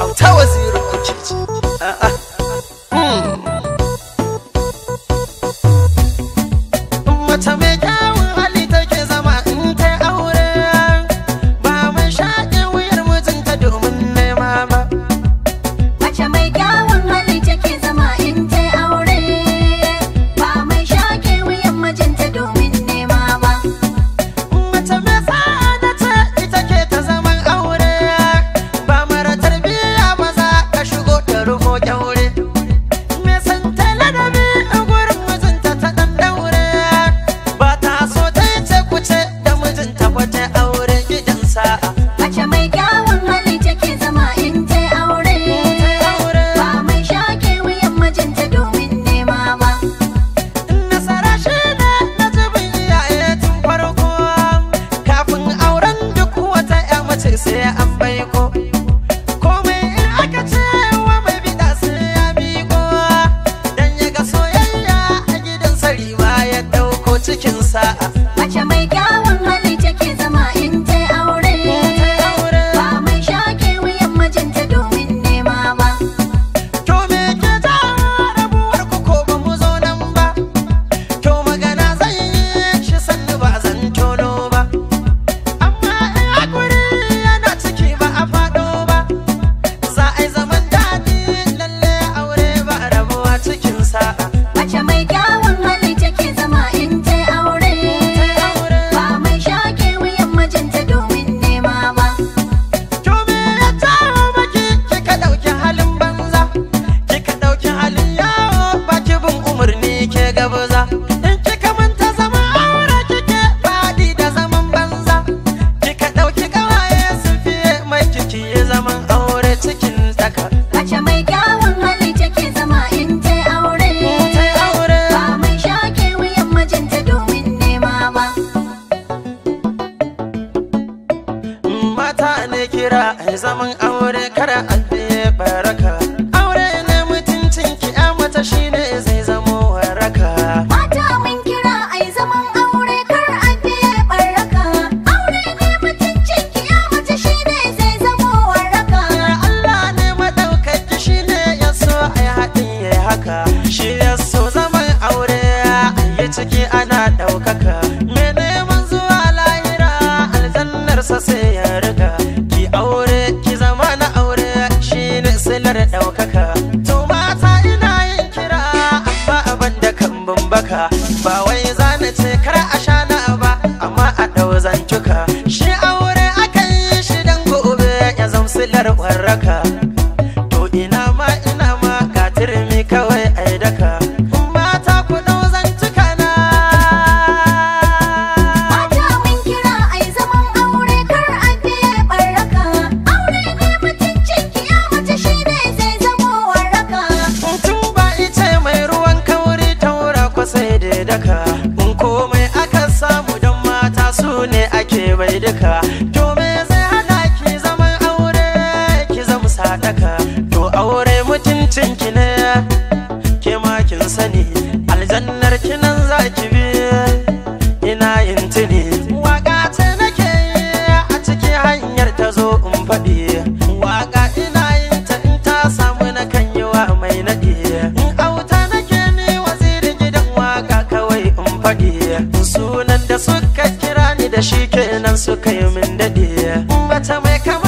awuthawazi yorokhotshitshi ah, ah. hmm. umathameka Watch your makeup. mata ne kira zaman aure kin sani aljannar kinan zaki bi ina yin tuni waka ta nake a cikin hanyar ta zo in faɗi waka ina yin ta in ta samu na kan yi wa mai naɗi in auta nake ni waziri gidan waka kawai in faɗi sunan da suka kira ni da shi kenan suka yi min daɗi bata mai kama